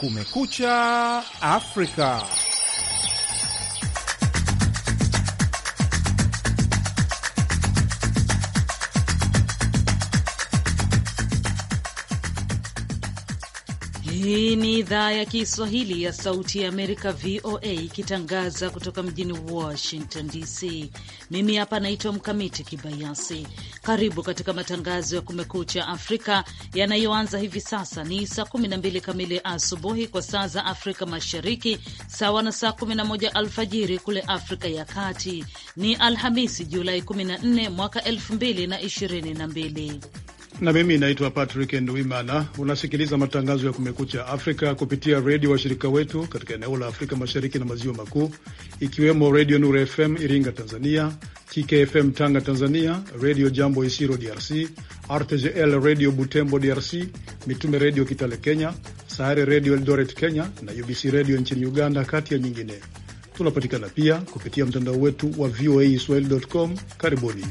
Kumekucha Afrika. Hii ni idhaa ya Kiswahili ya Sauti ya Amerika, VOA, ikitangaza kutoka mjini Washington DC. Mimi hapa naitwa Mkamiti Kibayasi. Karibu katika matangazo ya Kumekucha Afrika yanayoanza hivi sasa. Ni saa 12 kamili asubuhi kwa saa za Afrika Mashariki, sawa na saa 11 alfajiri kule Afrika ya Kati. Ni Alhamisi, Julai 14 mwaka 2022 na mimi naitwa Patrick Ndwimana. Unasikiliza matangazo ya Kumekucha Afrika kupitia redio washirika wetu katika eneo la Afrika Mashariki na Maziwa Makuu, ikiwemo Redio Nur FM Iringa Tanzania, TKFM Tanga Tanzania, Radio Jambo Isiro DRC, RTGL Radio Butembo DRC, Mitume Radio Kitale Kenya, Sahare Radio Eldoret Kenya na UBC Radio nchini Uganda, kati ya nyingine. Tunapatikana pia kupitia mtandao wetu wa VOA Swahili.com. Karibuni.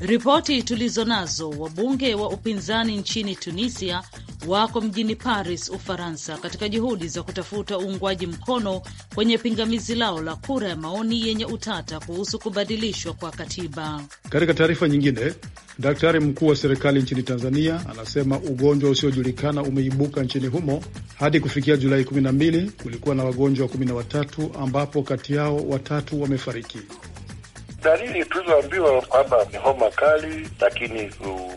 Ripoti tulizo nazo: wabunge wa upinzani nchini Tunisia wako mjini Paris, Ufaransa, katika juhudi za kutafuta uungwaji mkono kwenye pingamizi lao la kura ya maoni yenye utata kuhusu kubadilishwa kwa katiba. Katika taarifa nyingine, daktari mkuu wa serikali nchini Tanzania anasema ugonjwa usiojulikana umeibuka nchini humo. Hadi kufikia Julai 12 kulikuwa na wagonjwa 13 ambapo kati yao watatu wamefariki. Dalili tulizoambiwa kwamba ni homa kali, lakini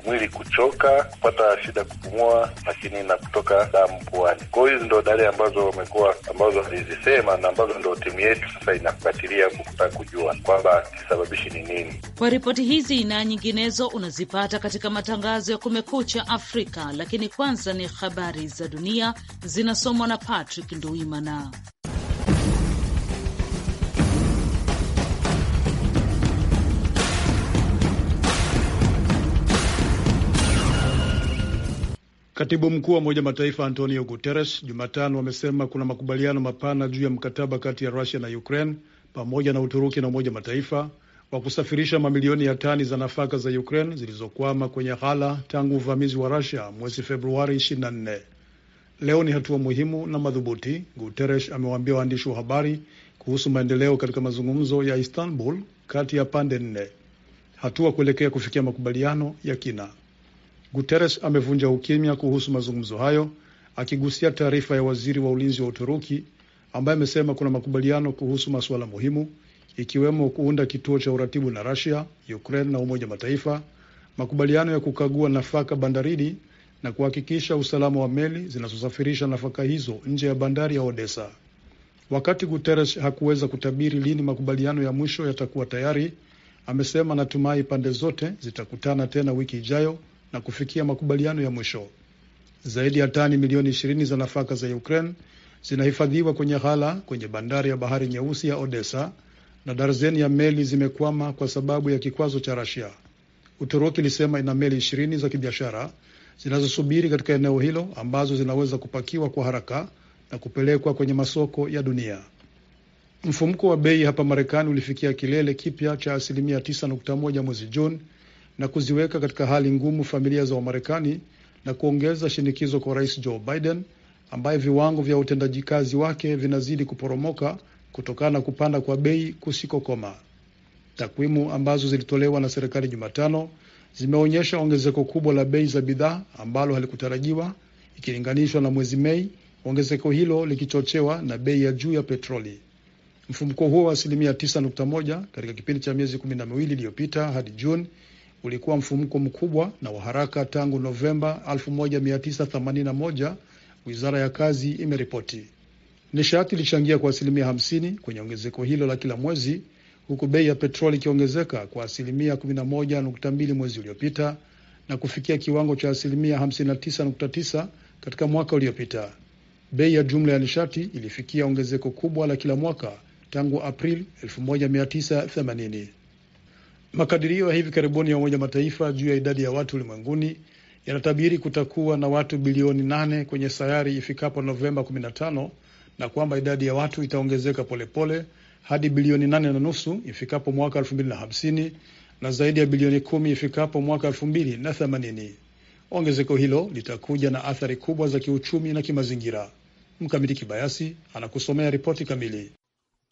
mwili kuchoka, kupata shida kupumua, lakini na kutoka damu puani. Kwa hiyo hizi ndo dalili ambazo wamekuwa ambazo alizisema na ambazo ndo timu yetu sasa inafuatilia kutaka kujua kwamba kisababishi ni nini. Kwa ripoti hizi na nyinginezo unazipata katika matangazo ya Kumekucha Afrika, lakini kwanza ni habari za dunia zinasomwa na Patrick Nduimana. Katibu mkuu wa Umoja Mataifa Antonio Guterres Jumatano amesema kuna makubaliano mapana juu ya mkataba kati ya Rusia na Ukraine pamoja na Uturuki na Umoja Mataifa wa kusafirisha mamilioni ya tani za nafaka za Ukraine zilizokwama kwenye ghala tangu uvamizi wa Rusia mwezi Februari 24. Leo ni hatua muhimu na madhubuti, Guterres amewaambia waandishi wa habari kuhusu maendeleo katika mazungumzo ya Istanbul kati ya pande nne, hatua kuelekea kufikia makubaliano ya kina. Guterres amevunja ukimya kuhusu mazungumzo hayo, akigusia taarifa ya waziri wa ulinzi wa Uturuki ambaye amesema kuna makubaliano kuhusu masuala muhimu ikiwemo kuunda kituo cha uratibu na Russia, Ukraine na Umoja Mataifa, makubaliano ya kukagua nafaka bandarini na kuhakikisha usalama wa meli zinazosafirisha nafaka hizo nje ya bandari ya Odessa. Wakati Guterres hakuweza kutabiri lini makubaliano ya mwisho yatakuwa tayari, amesema anatumai pande zote zitakutana tena wiki ijayo na kufikia makubaliano ya mwisho. Zaidi ya tani milioni ishirini za nafaka za Ukraine zinahifadhiwa kwenye ghala kwenye bandari ya bahari nyeusi ya Odessa na darzeni ya meli zimekwama kwa sababu ya kikwazo cha Rasia. Uturuki ilisema ina meli ishirini za kibiashara zinazosubiri katika eneo hilo ambazo zinaweza kupakiwa kwa haraka na kupelekwa kwenye masoko ya dunia. mfumko wa bei hapa Marekani ulifikia kilele kipya cha asilimia 9.1 mwezi Juni na kuziweka katika hali ngumu familia za Wamarekani na kuongeza shinikizo kwa Rais Joe Biden ambaye viwango vya utendaji kazi wake vinazidi kuporomoka kutokana na kupanda kwa bei kusikokoma. Takwimu ambazo zilitolewa na serikali Jumatano zimeonyesha ongezeko kubwa la bei za bidhaa ambalo halikutarajiwa ikilinganishwa na mwezi Mei, ongezeko hilo likichochewa na bei ya juu ya petroli. Mfumko huo wa asilimia 9.1 katika kipindi cha miezi kumi na miwili iliyopita hadi Juni ulikuwa mfumko mkubwa na wa haraka tangu Novemba 1981, wizara ya kazi imeripoti. Nishati ilichangia kwa asilimia 50 kwenye ongezeko hilo la kila mwezi, huku bei ya petroli ikiongezeka kwa asilimia 11.2 mwezi uliopita na kufikia kiwango cha asilimia 59.9 katika mwaka uliopita. Bei ya jumla ya nishati ilifikia ongezeko kubwa la kila mwaka tangu Aprili 1980. Makadirio ya hivi karibuni ya Umoja Mataifa juu ya idadi ya watu ulimwenguni yanatabiri kutakuwa na watu bilioni nane kwenye sayari ifikapo Novemba 15 na kwamba idadi ya watu itaongezeka polepole hadi bilioni nane na nusu ifikapo mwaka 250 na zaidi ya bilioni kumi ifikapo mwaka 280 Ongezeko hilo litakuja na athari kubwa za kiuchumi na kimazingira. Mkamiti Kibayasi anakusomea ripoti kamili.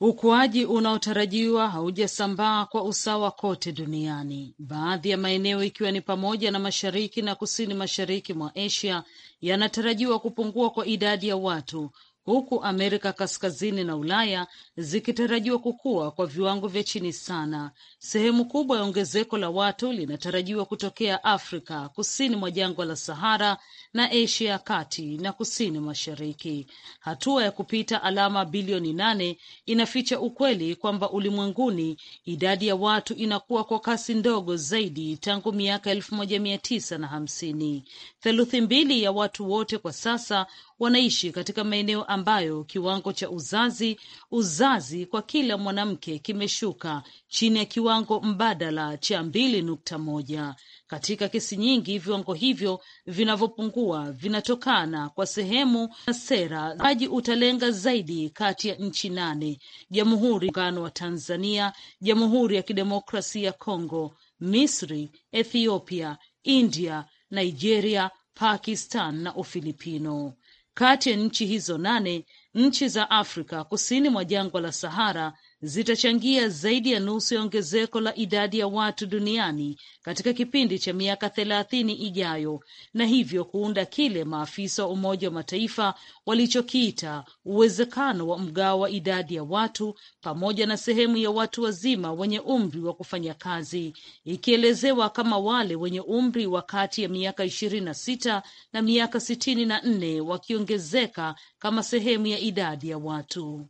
Ukuaji unaotarajiwa haujasambaa kwa usawa kote duniani, baadhi ya maeneo ikiwa ni pamoja na mashariki na kusini mashariki mwa Asia yanatarajiwa kupungua kwa idadi ya watu huku Amerika Kaskazini na Ulaya zikitarajiwa kukua kwa viwango vya chini sana. Sehemu kubwa ya ongezeko la watu linatarajiwa kutokea Afrika kusini mwa jangwa la Sahara na Asia ya kati na kusini mashariki. Hatua ya kupita alama bilioni nane inaficha ukweli kwamba ulimwenguni idadi ya watu inakuwa kwa kasi ndogo zaidi tangu miaka elfu moja mia tisa na hamsini. Theluthi mbili ya watu wote kwa sasa wanaishi katika maeneo ambayo kiwango cha uzazi uzazi kwa kila mwanamke kimeshuka chini ya kiwango mbadala cha mbili nukta moja. Katika kesi nyingi viwango hivyo vinavyopungua vinatokana kwa sehemu na sera aji utalenga zaidi kati ya nchi nane: Jamhuri ya Muungano wa Tanzania, Jamhuri ya Kidemokrasia ya Kongo, Misri, Ethiopia, India, Nigeria, Pakistan na Ufilipino. Kati ya nchi hizo nane, nchi za Afrika kusini mwa jangwa la Sahara zitachangia zaidi ya nusu ya ongezeko la idadi ya watu duniani katika kipindi cha miaka thelathini ijayo na hivyo kuunda kile maafisa wa Umoja wa Mataifa walichokiita uwezekano wa mgao wa idadi ya watu pamoja na sehemu ya watu wazima wenye umri wa kufanya kazi, ikielezewa kama wale wenye umri wa kati ya miaka ishirini na sita na miaka sitini na nne wakiongezeka kama sehemu ya idadi ya watu.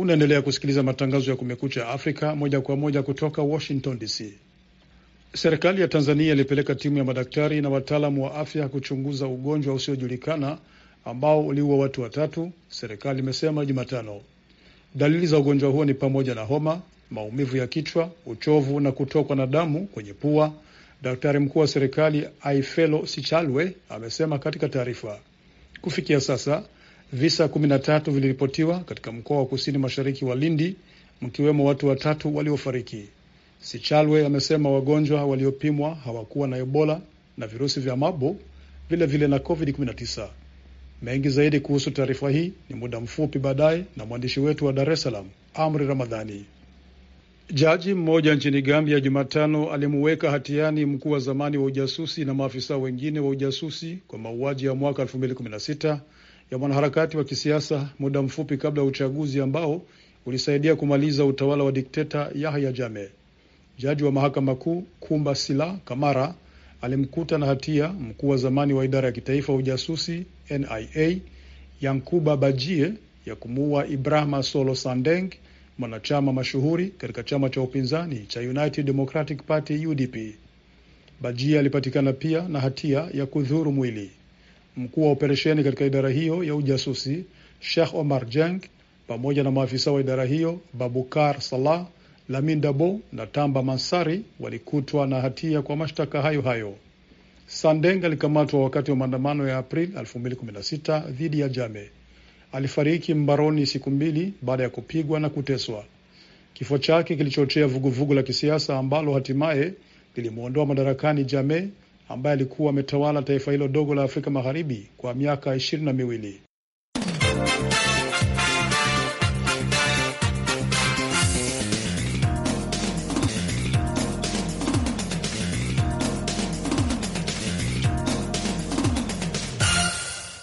Unaendelea kusikiliza matangazo ya Kumekucha Afrika moja kwa moja kutoka Washington DC. Serikali ya Tanzania ilipeleka timu ya madaktari na wataalamu wa afya kuchunguza ugonjwa usiojulikana ambao uliua watu watatu, serikali imesema Jumatano. Dalili za ugonjwa huo ni pamoja na homa, maumivu ya kichwa, uchovu na kutokwa na damu kwenye pua. Daktari mkuu wa serikali Aifelo Sichalwe amesema katika taarifa. Kufikia sasa Visa 13 viliripotiwa katika mkoa wa kusini mashariki wa Lindi, mkiwemo watu watatu waliofariki. Sichalwe amesema wagonjwa waliopimwa hawakuwa na Ebola na virusi vya mabo vile vile na COVID-19. Mengi zaidi kuhusu taarifa hii ni muda mfupi baadaye na mwandishi wetu wa Dar es Salaam, Amri Ramadhani. Jaji mmoja nchini Gambia Jumatano alimuweka hatiani mkuu wa zamani wa ujasusi na maafisa wengine wa ujasusi kwa mauaji ya mwaka ya mwanaharakati wa kisiasa muda mfupi kabla ya uchaguzi ambao ulisaidia kumaliza utawala wa dikteta Yahya Jame. Jaji wa mahakama kuu Kumba Sila Kamara alimkuta na hatia mkuu wa zamani wa idara ya kitaifa ya ujasusi NIA Yankuba Bajie ya kumuua Ibrahima Solo Sandeng, mwanachama mashuhuri katika chama cha upinzani cha United Democratic Party UDP. Bajie alipatikana pia na hatia ya kudhuru mwili. Mkuu wa operesheni katika idara hiyo ya ujasusi Sheikh Omar Jeng pamoja na maafisa wa idara hiyo Babukar Salah, Lamin Dabo na Tamba Mansari walikutwa na hatia kwa mashtaka hayo hayo. Sandeng alikamatwa wakati wa maandamano ya april 2016 dhidi ya Jame. Alifariki mbaroni siku mbili baada ya kupigwa na kuteswa. Kifo chake kilichochea vuguvugu la kisiasa ambalo hatimaye lilimwondoa madarakani Jame ambaye alikuwa ametawala taifa hilo dogo la Afrika Magharibi kwa miaka ishirini na miwili.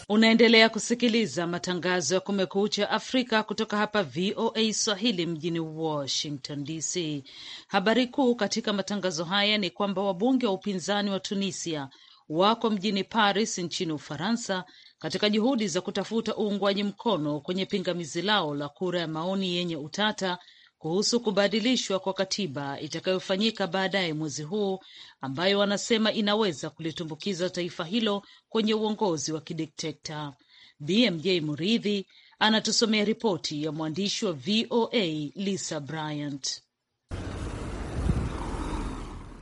Unaendelea kusikiliza matangazo ya Kumekucha Afrika kutoka hapa VOA Swahili mjini Washington DC. Habari kuu katika matangazo haya ni kwamba wabunge wa upinzani wa Tunisia wako mjini Paris nchini Ufaransa katika juhudi za kutafuta uungwaji mkono kwenye pingamizi lao la kura ya maoni yenye utata kuhusu kubadilishwa kwa katiba itakayofanyika baadaye mwezi huu, ambayo wanasema inaweza kulitumbukiza taifa hilo kwenye uongozi wa kidiktekta BMJ Muridhi anatusomea ripoti ya mwandishi wa VOA Lisa Bryant.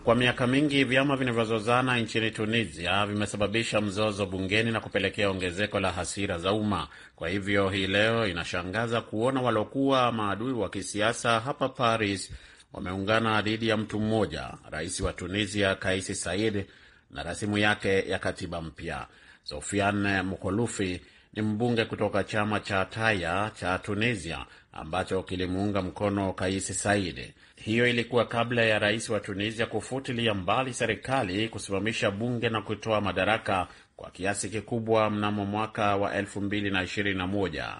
Kwa miaka mingi vyama vinavyozozana nchini Tunisia vimesababisha mzozo bungeni na kupelekea ongezeko la hasira za umma. Kwa hivyo hii leo inashangaza kuona waliokuwa maadui wa kisiasa hapa Paris wameungana dhidi ya mtu mmoja, rais wa Tunisia Kais Saied, na rasimu yake ya katiba mpya. Sofiane Mukolufi ni mbunge kutoka chama cha Taya cha Tunisia ambacho kilimuunga mkono Kaisi Said. Hiyo ilikuwa kabla ya rais wa Tunisia kufutilia mbali serikali, kusimamisha bunge na kutoa madaraka kwa kiasi kikubwa mnamo mwaka wa 2021.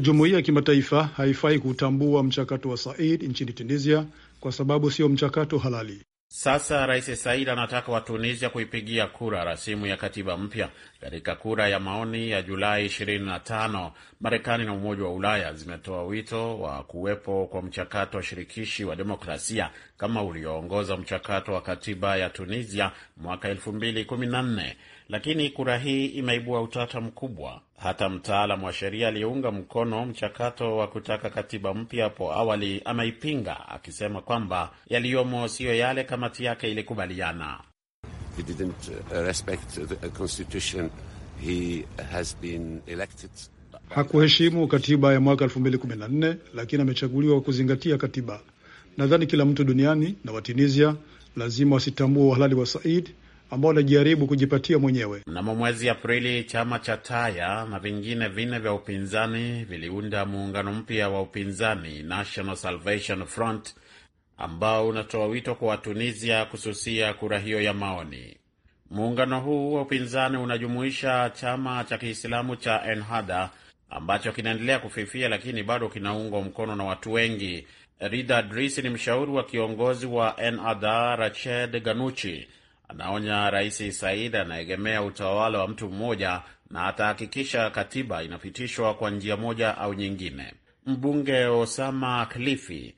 Jumuiya ya kimataifa haifai kutambua mchakato wa Said nchini Tunisia kwa sababu sio mchakato halali. Sasa Rais Said anataka Watunisia kuipigia kura rasimu ya katiba mpya katika kura ya maoni ya Julai 25. Marekani na Umoja wa Ulaya zimetoa wito wa kuwepo kwa mchakato wa shirikishi wa demokrasia kama ulioongoza mchakato wa katiba ya Tunisia mwaka 2014 lakini kura hii imeibua utata mkubwa. Hata mtaalamu wa sheria aliyeunga mkono mchakato wa kutaka katiba mpya hapo awali ameipinga, akisema kwamba yaliyomo siyo yale kamati yake ilikubaliana. Uh, uh, Hakuheshimu katiba ya mwaka 2014 lakini amechaguliwa kwa kuzingatia katiba. Nadhani kila mtu duniani na Watunisia lazima wasitambue uhalali wa Said ambao anajaribu kujipatia mwenyewe. Mnamo mwezi Aprili, chama cha Taya na vingine vinne vya upinzani viliunda muungano mpya wa upinzani National Salvation Front ambao unatoa wito kwa Watunisia kususia kura hiyo ya maoni. Muungano huu wa upinzani unajumuisha chama cha Kiislamu cha Ennahda ambacho kinaendelea kufifia, lakini bado kinaungwa mkono na watu wengi. Rida ni mshauri wa kiongozi wa Ennahda Rached Ganuchi Anaonya Rais Said anaegemea utawala wa mtu mmoja na atahakikisha katiba inapitishwa kwa njia moja au nyingine. Mbunge Osama Klifi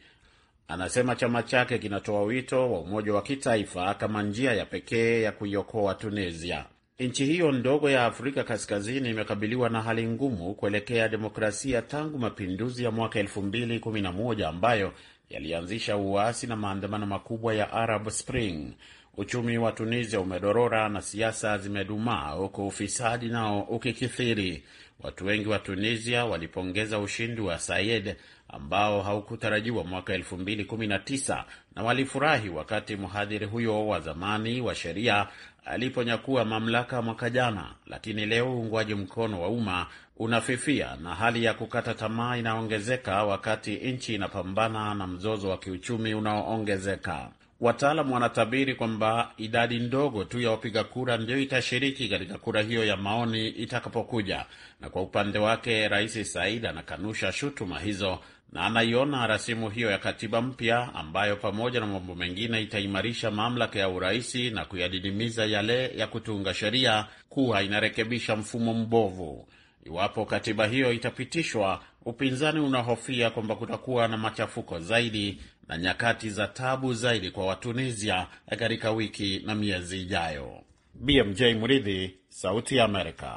anasema chama chake kinatoa wito wa umoja wa kitaifa kama njia ya pekee ya kuiokoa Tunisia. Nchi hiyo ndogo ya Afrika Kaskazini imekabiliwa na hali ngumu kuelekea demokrasia tangu mapinduzi ya mwaka 2011 ambayo yalianzisha uasi na maandamano makubwa ya Arab Spring. Uchumi wa Tunisia umedorora na siasa zimedumaa, huku ufisadi nao ukikithiri. Watu wengi wa Tunisia walipongeza ushindi wa Sayed ambao haukutarajiwa mwaka 2019 na walifurahi wakati mhadhiri huyo wa zamani wa sheria aliponyakua mamlaka mwaka jana. Lakini leo uungwaji mkono wa umma unafifia na hali ya kukata tamaa inaongezeka wakati nchi inapambana na mzozo wa kiuchumi unaoongezeka. Wataalam wanatabiri kwamba idadi ndogo tu ya wapiga kura ndiyo itashiriki katika kura hiyo ya maoni itakapokuja. Na kwa upande wake, Rais Said anakanusha shutuma hizo na anaiona rasimu hiyo ya katiba mpya ambayo pamoja na mambo mengine itaimarisha mamlaka ya uraisi na kuyadidimiza yale ya kutunga sheria kuwa inarekebisha mfumo mbovu. Iwapo katiba hiyo itapitishwa, upinzani unahofia kwamba kutakuwa na machafuko zaidi na nyakati za tabu zaidi kwa Watunisia katika wiki na miezi ijayo. BMJ Mridhi, Sauti ya Amerika.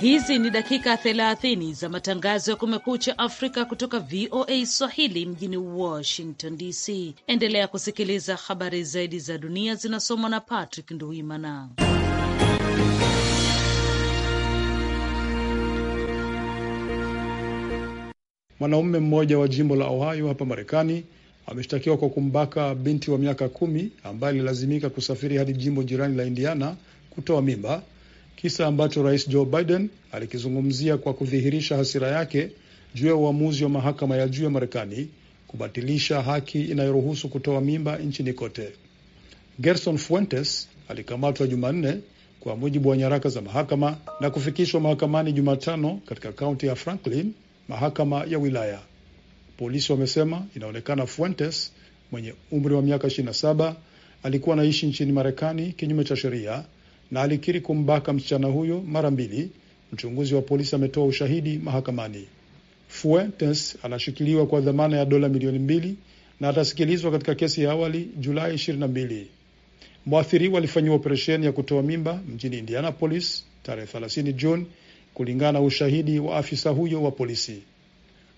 Hizi ni dakika 30 za matangazo ya Kumekucha Afrika kutoka VOA Swahili mjini Washington DC. Endelea kusikiliza habari zaidi za dunia zinasomwa na Patrick Nduimana. Mwanaume mmoja wa jimbo la Ohio hapa Marekani ameshtakiwa kwa kumbaka binti wa miaka kumi ambaye alilazimika kusafiri hadi jimbo jirani la Indiana kutoa mimba, kisa ambacho Rais Joe Biden alikizungumzia kwa kudhihirisha hasira yake juu ya uamuzi wa mahakama ya juu ya Marekani kubatilisha haki inayoruhusu kutoa mimba nchini kote. Gerson Fuentes alikamatwa Jumanne kwa mujibu wa nyaraka za mahakama na kufikishwa mahakamani Jumatano katika kaunti ya Franklin mahakama ya wilaya. Polisi wamesema inaonekana Fuentes mwenye umri wa miaka 27 alikuwa anaishi nchini Marekani kinyume cha sheria na alikiri kumbaka msichana huyo mara mbili. Mchunguzi wa polisi ametoa ushahidi mahakamani. Fuentes anashikiliwa kwa dhamana ya dola milioni mbili na atasikilizwa katika kesi ya awali Julai 22. Mwathiriwa alifanyiwa operesheni ya kutoa mimba mjini Indianapolis tarehe 30 Juni kulingana na ushahidi wa afisa huyo wa polisi.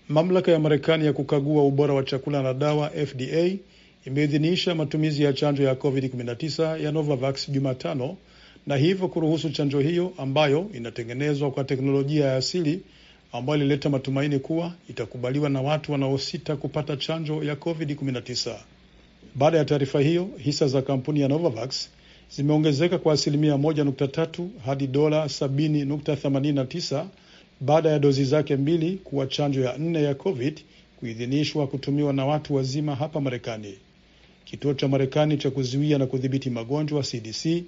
Mamlaka ya Marekani ya kukagua ubora wa chakula na dawa FDA imeidhinisha matumizi ya chanjo ya COVID-19 ya Novavax Jumatano na hivyo kuruhusu chanjo hiyo ambayo inatengenezwa kwa teknolojia ya asili ambayo ilileta matumaini kuwa itakubaliwa na watu wanaosita kupata chanjo ya COVID-19. Baada ya taarifa hiyo, hisa za kampuni ya Novavax zimeongezeka kwa asilimia 1.3 hadi dola 70.89 baada ya dozi zake mbili kuwa chanjo ya nne ya COVID kuidhinishwa kutumiwa na watu wazima hapa Marekani. Kituo cha Marekani cha kuzuia na kudhibiti magonjwa CDC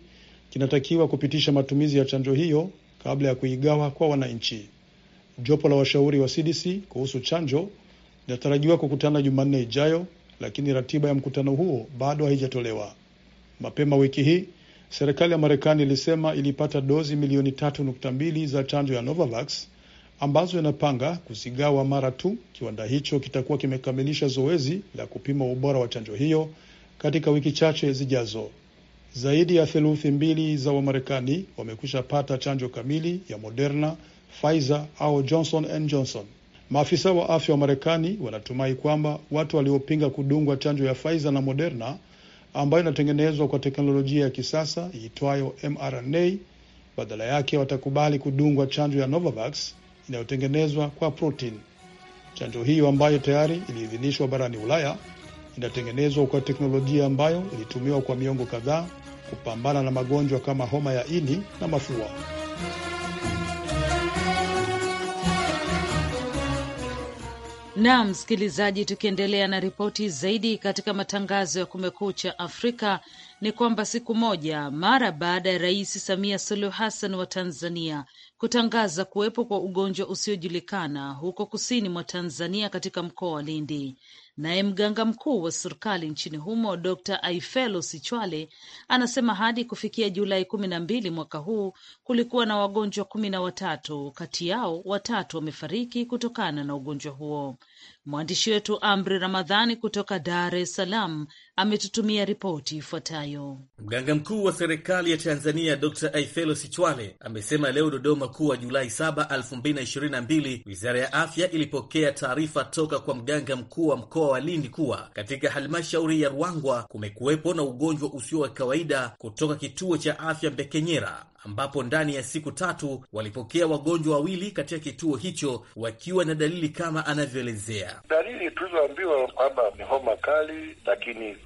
kinatakiwa kupitisha matumizi ya chanjo hiyo kabla ya kuigawa kwa wananchi. Jopo la washauri wa CDC kuhusu chanjo linatarajiwa kukutana Jumanne ijayo, lakini ratiba ya mkutano huo bado haijatolewa. Mapema wiki hii Serikali ya Marekani ilisema ilipata dozi milioni tatu nukta mbili za chanjo ya Novavax ambazo inapanga kuzigawa mara tu kiwanda hicho kitakuwa kimekamilisha zoezi la kupima ubora wa chanjo hiyo katika wiki chache zijazo. Zaidi ya theluthi mbili za Wamarekani wamekwisha pata chanjo kamili ya Moderna, Pfizer au Johnson and Johnson. Maafisa wa afya wa Marekani wanatumai kwamba watu waliopinga kudungwa chanjo ya Pfizer na Moderna ambayo inatengenezwa kwa teknolojia ya kisasa iitwayo mRNA. Badala yake watakubali kudungwa chanjo ya Novavax inayotengenezwa kwa protein. Chanjo hiyo ambayo tayari iliidhinishwa barani Ulaya inatengenezwa kwa teknolojia ambayo ilitumiwa kwa miongo kadhaa kupambana na magonjwa kama homa ya ini na mafua. na msikilizaji, tukiendelea na ripoti zaidi katika matangazo ya Kumekucha Afrika ni kwamba siku moja mara baada ya Rais Samia Suluhu Hassan wa Tanzania kutangaza kuwepo kwa ugonjwa usiojulikana huko kusini mwa Tanzania katika mkoa wa Lindi. Naye mganga mkuu wa serikali nchini humo Dr. Aifelo Sichwale anasema hadi kufikia Julai kumi na mbili mwaka huu kulikuwa na wagonjwa kumi na watatu, kati yao watatu wamefariki kutokana na ugonjwa huo. Mwandishi wetu Amri Ramadhani kutoka Dar es Salaam ametutumia ripoti ifuatayo. Mganga mkuu wa serikali ya Tanzania Dr. Aifelo Sichwale amesema leo Dodoma kuwa Julai 7, 2022 wizara ya afya ilipokea taarifa toka kwa mganga mkuu wa mkoa wa Lindi kuwa katika halmashauri ya Ruangwa kumekuwepo na ugonjwa usio wa kawaida kutoka kituo cha afya Mbekenyera ambapo ndani ya siku tatu walipokea wagonjwa wawili katika kituo hicho wakiwa na dalili kama anavyoelezea. Dalili tulizoambiwa kwamba ni homa kali, lakini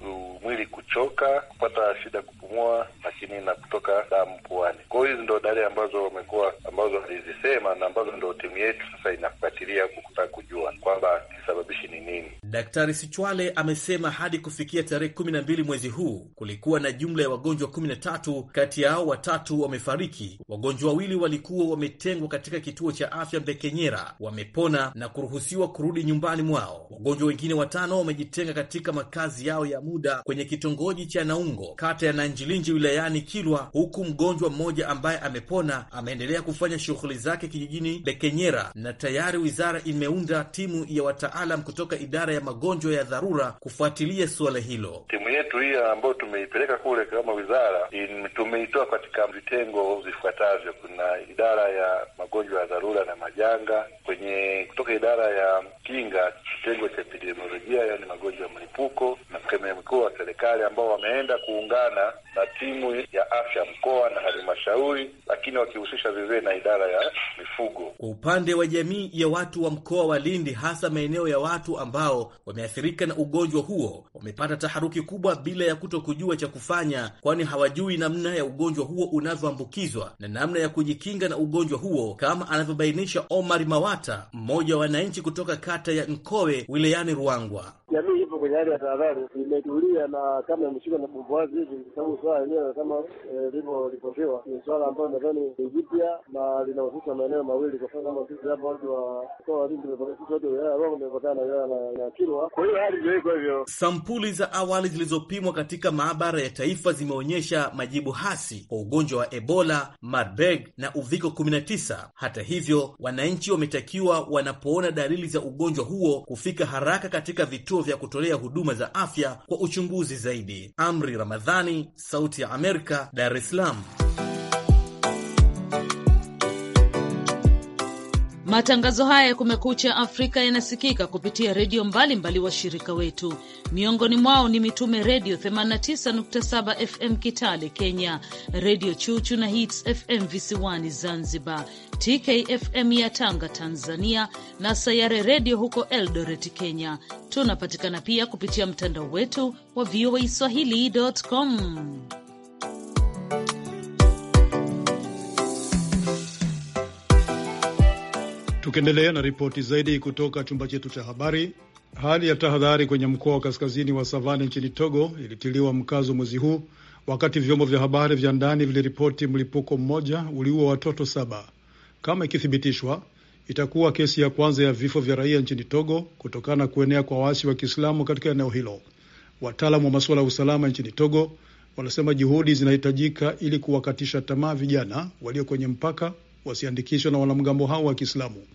mwili kuchoka, kupata shida kupumua, lakini na kutoka damu puani. Kwa hiyo hizi ndo dalili ambazo wamekuwa ambazo walizisema na ambazo ndo timu yetu sasa inafuatilia kukuta kujua kwamba kisababishi ni nini. Daktari Sichwale amesema hadi kufikia tarehe kumi na mbili mwezi huu kulikuwa na jumla ya wagonjwa kumi na tatu, kati yao watatu wamefa wamefariki. Wagonjwa wawili walikuwa wametengwa katika kituo cha afya Mbekenyera, wamepona na kuruhusiwa kurudi nyumbani mwao. Wagonjwa wengine watano wamejitenga katika makazi yao ya muda kwenye kitongoji cha Naungo, kata ya Nanjilinji, wilayani Kilwa, huku mgonjwa mmoja ambaye amepona ameendelea kufanya shughuli zake kijijini Mbekenyera, na tayari wizara imeunda timu ya wataalam kutoka idara ya magonjwa ya dharura kufuatilia suala hilo. Timu yetu hiyo ambayo tumeipeleka kule kama wizara, tumeitoa katika vitengo vitengo vifuatavyo. Kuna idara ya magonjwa ya dharura na majanga, kwenye kutoka idara ya kinga, kitengo cha epidemiolojia, yaani magonjwa ya mlipuko, na mkemia mkuu wa serikali ambao wameenda kuungana na timu ya afya mkoa na halmashauri lakini wakihusisha vilevile na idara ya mifugo. Kwa upande wa jamii ya watu wa mkoa wa Lindi, hasa maeneo ya watu ambao wameathirika na ugonjwa huo, wamepata taharuki kubwa bila ya kuto kujua cha kufanya, kwani hawajui namna ya ugonjwa huo unavyoambukizwa na namna ya kujikinga na ugonjwa huo, kama anavyobainisha Omar Mawata, mmoja wa wananchi kutoka kata ya Nkowe wilayani Ruangwa jamii ipo kwenye hali ya tahadhari, imetulia na kama imeshika na bumbuazi hivi, kwa sababu swala lenyewe kama eh, lilivyoripotiwa ni swala ambayo nadhani ni jipya na linahusisha maeneo mawili, kwa sababu kama sisi hapa watu wa mkoa wa Lindi sisi watu wa wilaya Rombo tumepakana na wilaya na Kilwa. Kwa hiyo hali ndio iko hivyo. Sampuli za awali zilizopimwa katika maabara ya taifa zimeonyesha majibu hasi kwa ugonjwa wa Ebola, Marburg na Uviko 19. Hata hivyo, wananchi wametakiwa wanapoona dalili za ugonjwa huo kufika haraka katika vituo vituo vya kutolea huduma za afya kwa uchunguzi zaidi. Amri Ramadhani, Sauti ya Amerika, Dar es Salaam. Matangazo haya ya Kumekucha Afrika yanasikika kupitia redio mbalimbali washirika wetu, miongoni mwao ni Mitume Redio 89.7 FM Kitale Kenya, Redio Chuchu na Hits FM visiwani Zanzibar, TKFM ya Tanga Tanzania, na Sayare Redio huko Eldoret Kenya. Tunapatikana pia kupitia mtandao wetu wa VOA swahili.com. Tukiendelea na ripoti zaidi kutoka chumba chetu cha habari, hali ya tahadhari kwenye mkoa wa kaskazini wa Savane nchini Togo ilitiliwa mkazo mwezi huu wakati vyombo vya habari vya ndani viliripoti mlipuko mmoja uliua watoto saba. Kama ikithibitishwa, itakuwa kesi ya kwanza ya vifo vya raia nchini Togo kutokana na kuenea kwa waasi wa Kiislamu katika eneo hilo. Wataalamu wa masuala ya usalama nchini Togo wanasema juhudi zinahitajika ili kuwakatisha tamaa vijana walio kwenye mpaka wasiandikishwe na wanamgambo hao wa Kiislamu.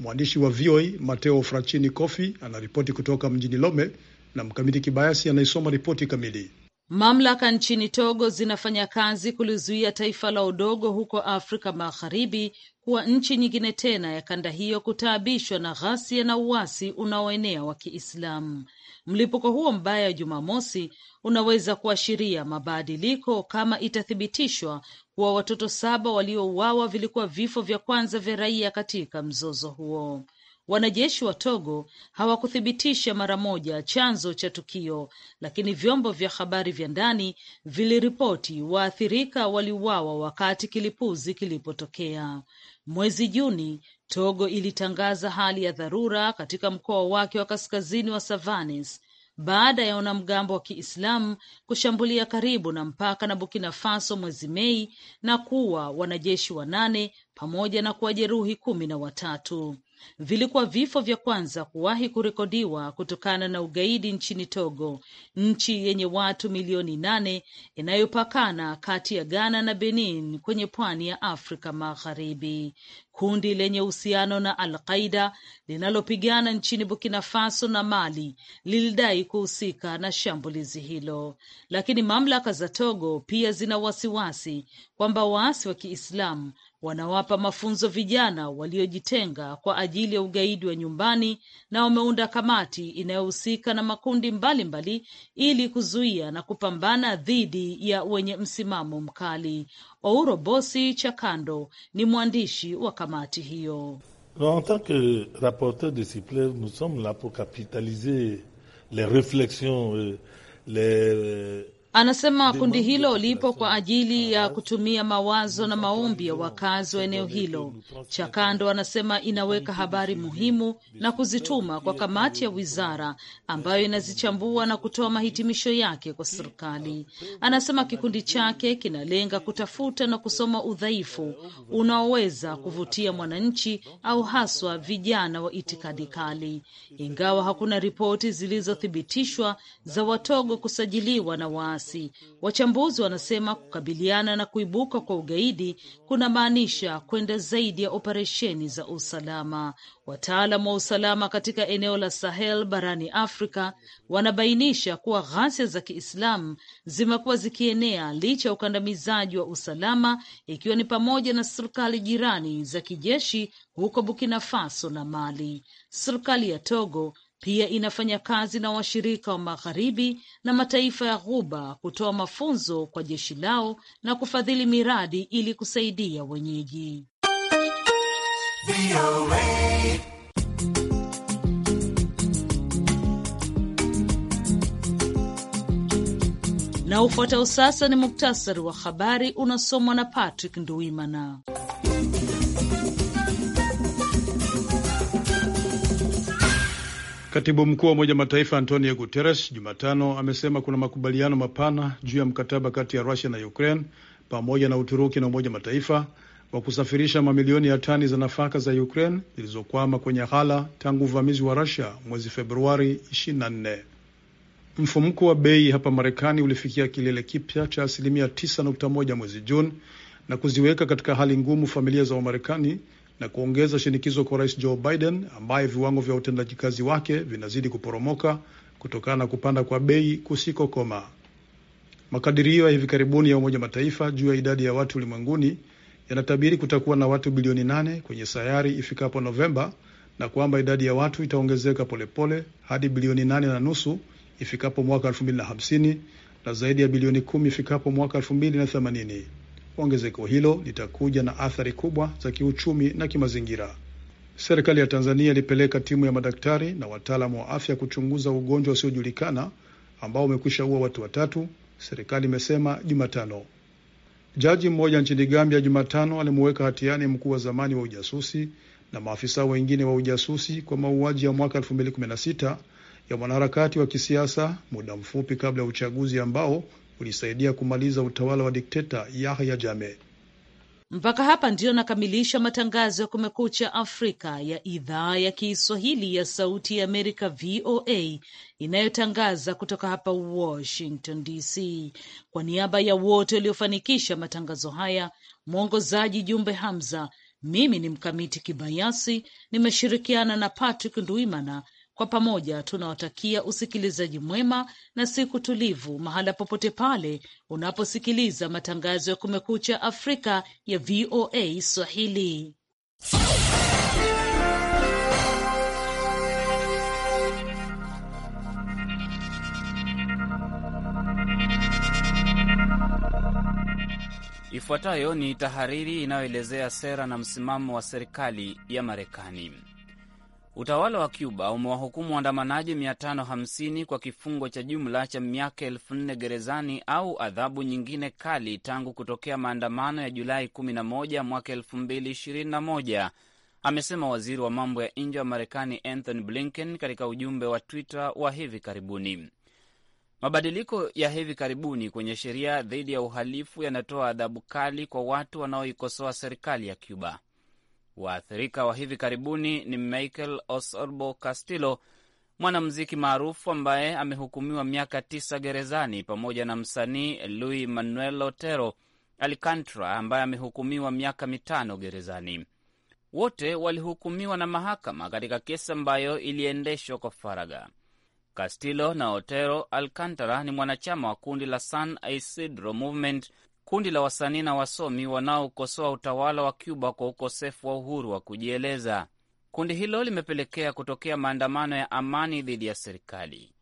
Mwandishi wa VOA Mateo Frachini Kofi anaripoti kutoka mjini Lome na Mkamiti Kibayasi anaisoma ripoti kamili. Mamlaka nchini Togo zinafanya kazi kulizuia taifa la udogo huko Afrika Magharibi kuwa nchi nyingine tena ya kanda hiyo kutaabishwa na ghasia na uasi unaoenea wa Kiislamu. Mlipuko huo mbaya wa Jumamosi unaweza kuashiria mabadiliko kama itathibitishwa kuwa watoto saba waliouawa vilikuwa vifo vya kwanza vya raia katika mzozo huo. Wanajeshi wa Togo hawakuthibitisha mara moja chanzo cha tukio, lakini vyombo vya habari vya ndani viliripoti waathirika waliuawa wakati kilipuzi kilipotokea. Mwezi Juni, Togo ilitangaza hali ya dharura katika mkoa wake wa kaskazini wa Savanes baada ya wanamgambo wa Kiislamu kushambulia karibu na mpaka na Burkina Faso mwezi Mei na kuua wanajeshi wanane pamoja na kuwajeruhi kumi na watatu vilikuwa vifo vya kwanza kuwahi kurekodiwa kutokana na ugaidi nchini Togo, nchi yenye watu milioni nane inayopakana kati ya Ghana na Benin kwenye pwani ya Afrika Magharibi. Kundi lenye uhusiano na Al-Qaida linalopigana nchini Burkina Faso na Mali lilidai kuhusika na shambulizi hilo, lakini mamlaka za Togo pia zina wasiwasi kwamba waasi wa Kiislamu wanawapa mafunzo vijana waliojitenga kwa ajili ya ugaidi wa nyumbani na wameunda kamati inayohusika na makundi mbalimbali mbali ili kuzuia na kupambana dhidi ya wenye msimamo mkali. Ouro Bosi Chakando ni mwandishi wa kamati hiyo. En tant que rapporteur nous sommes pour capitaliser les reflexions euh, les euh, Anasema kundi hilo lipo kwa ajili ya kutumia mawazo na maombi ya wakazi wa eneo hilo. Chakando anasema inaweka habari muhimu na kuzituma kwa kamati ya wizara ambayo inazichambua na kutoa mahitimisho yake kwa serikali. Anasema kikundi chake kinalenga kutafuta na kusoma udhaifu unaoweza kuvutia mwananchi au haswa vijana wa itikadi kali, ingawa hakuna ripoti zilizothibitishwa za Watogo kusajiliwa na waasi wasiwasi. Wachambuzi wanasema kukabiliana na kuibuka kwa ugaidi kuna maanisha kwenda zaidi ya operesheni za usalama. Wataalam wa usalama katika eneo la Sahel barani Afrika wanabainisha kuwa ghasia za Kiislamu zimekuwa zikienea licha ya ukandamizaji wa usalama, ikiwa ni pamoja na serikali jirani za kijeshi huko Burkina Faso na Mali. Serikali ya Togo pia inafanya kazi na washirika wa magharibi na mataifa ya Ghuba kutoa mafunzo kwa jeshi lao na kufadhili miradi ili kusaidia wenyeji. Na ufuatao sasa ni muktasari wa habari unasomwa na Patrick Nduimana. Katibu mkuu wa Umoja Mataifa Antonio Guterres Jumatano amesema kuna makubaliano mapana juu ya mkataba kati ya Rusia na Ukraine pamoja na Uturuki na Umoja Mataifa wa kusafirisha mamilioni ya tani za nafaka za Ukraine zilizokwama kwenye ghala tangu uvamizi wa Rusia mwezi Februari 24. Mfumuko wa bei hapa Marekani ulifikia kilele kipya cha asilimia 9.1 mwezi Juni na kuziweka katika hali ngumu familia za Wamarekani na kuongeza shinikizo kwa Rais Joe Biden ambaye viwango vya utendaji kazi wake vinazidi kuporomoka kutokana na kupanda kwa bei kusikokoma. Makadirio ya hivi karibuni ya Umoja Mataifa juu ya idadi ya watu ulimwenguni yanatabiri kutakuwa na watu bilioni nane kwenye sayari ifikapo Novemba na kwamba idadi ya watu itaongezeka polepole hadi bilioni nane na nusu ifikapo mwaka elfu mbili na hamsini na zaidi ya bilioni kumi ifikapo mwaka elfu mbili na themanini. Ongezeko hilo litakuja na athari kubwa za kiuchumi na kimazingira. Serikali ya Tanzania ilipeleka timu ya madaktari na wataalamu wa afya kuchunguza ugonjwa usiojulikana ambao umekwisha ua watu watatu, serikali imesema Jumatano. Jaji mmoja nchini Gambia Jumatano alimuweka hatiani mkuu wa zamani wa ujasusi na maafisa wengine wa ujasusi kwa mauaji ya mwaka 2016 ya mwanaharakati wa kisiasa muda mfupi kabla ya uchaguzi ambao ulisaidia kumaliza utawala wa dikteta Yahya Jammeh. Mpaka hapa ndiyo nakamilisha matangazo ya Kumekucha Afrika ya idhaa ya Kiswahili ya Sauti ya Amerika, VOA, inayotangaza kutoka hapa Washington DC. Kwa niaba ya wote waliofanikisha matangazo haya, mwongozaji Jumbe Hamza, mimi ni Mkamiti Kibayasi, nimeshirikiana na Patrick Ndwimana. Kwa pamoja tunawatakia usikilizaji mwema na siku tulivu mahala popote pale unaposikiliza matangazo ya Kumekucha Afrika ya VOA Swahili. Ifuatayo ni tahariri inayoelezea sera na msimamo wa serikali ya Marekani. Utawala wa Cuba umewahukumu waandamanaji 550 kwa kifungo cha jumla cha miaka elfu gerezani au adhabu nyingine kali tangu kutokea maandamano ya Julai 11 mwaka 2021, amesema waziri wa mambo ya nje wa Marekani Anthony Blinken katika ujumbe wa Twitter wa hivi karibuni. Mabadiliko ya hivi karibuni kwenye sheria dhidi ya uhalifu yanatoa adhabu kali kwa watu wanaoikosoa serikali ya Cuba. Waathirika wa hivi karibuni ni Michael Osorbo Castillo, mwanamuziki maarufu ambaye amehukumiwa miaka tisa gerezani, pamoja na msanii Luis Manuel Otero Alcantara ambaye amehukumiwa miaka mitano gerezani. Wote walihukumiwa na mahakama katika kesi ambayo iliendeshwa kwa faraga Castillo na Otero Alcantara ni mwanachama wa kundi la San Isidro Movement kundi la wasanii na wasomi wanaokosoa utawala wa Cuba kwa ukosefu wa uhuru wa kujieleza. Kundi hilo limepelekea kutokea maandamano ya amani dhidi ya serikali.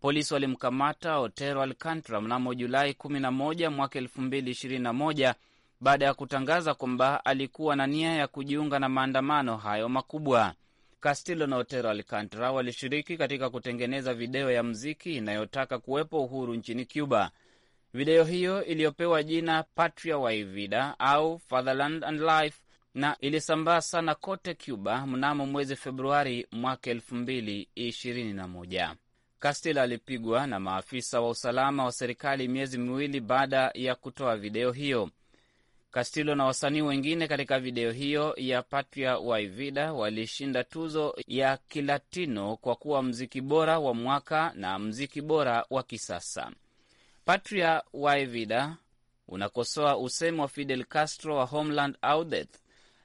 Polisi walimkamata Otero Alcantara mnamo Julai 11 mwaka 2021 baada ya kutangaza kwamba alikuwa na nia ya kujiunga na maandamano hayo makubwa. Castillo na Otero Alcantara walishiriki katika kutengeneza video ya mziki inayotaka kuwepo uhuru nchini Cuba. Video hiyo iliyopewa jina Patria Waivida au Fatherland and Life na ilisambaa sana kote Cuba mnamo mwezi Februari mwaka elfu mbili ishirini na moja. alipigwa na maafisa wa usalama wa serikali miezi miwili baada ya kutoa video hiyo. Castilo na wasanii wengine katika video hiyo ya Patria Waivida walishinda tuzo ya Kilatino kwa kuwa mziki bora wa mwaka na mziki bora wa kisasa. Patria Waivida unakosoa usemi wa Fidel Castro wa Homeland au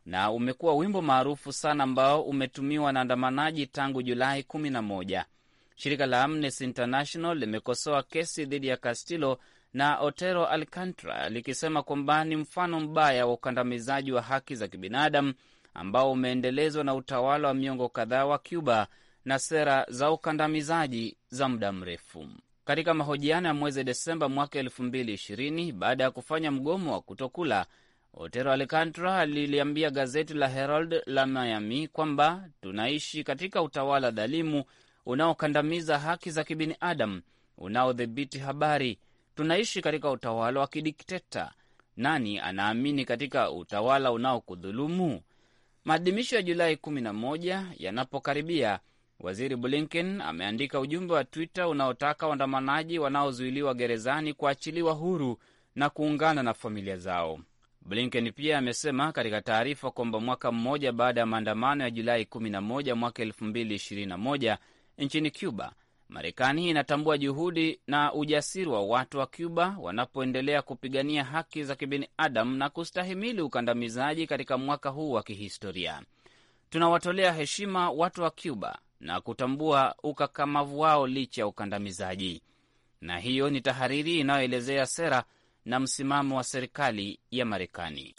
na umekuwa wimbo maarufu sana ambao umetumiwa na andamanaji tangu Julai 11. Shirika la Amnesty International limekosoa kesi dhidi ya Castillo na Otero Alcantara likisema kwamba ni mfano mbaya wa ukandamizaji wa haki za kibinadamu ambao umeendelezwa na utawala wa miongo kadhaa wa Cuba na sera za ukandamizaji za muda mrefu katika mahojiano ya mwezi Desemba mwaka elfu mbili ishirini baada ya kufanya mgomo wa kutokula. Otero Alcantara aliliambia gazeti la Herald la Miami kwamba tunaishi katika utawala dhalimu unaokandamiza haki za kibinadamu, unaodhibiti habari. Tunaishi katika utawala wa kidikteta. Nani anaamini katika utawala unaokudhulumu? Maadhimisho ya Julai 11 yanapokaribia Waziri Blinken ameandika ujumbe wa Twitter unaotaka waandamanaji wanaozuiliwa gerezani kuachiliwa huru na kuungana na familia zao. Blinken pia amesema katika taarifa kwamba mwaka mmoja baada ya maandamano ya Julai 11 mwaka 2021 nchini Cuba, Marekani inatambua juhudi na ujasiri wa watu wa Cuba wanapoendelea kupigania haki za kibinadamu na kustahimili ukandamizaji katika mwaka huu wa kihistoria. Tunawatolea heshima watu wa Cuba na kutambua ukakamavu wao licha ya ukandamizaji. Na hiyo ni tahariri inayoelezea sera na msimamo wa serikali ya Marekani.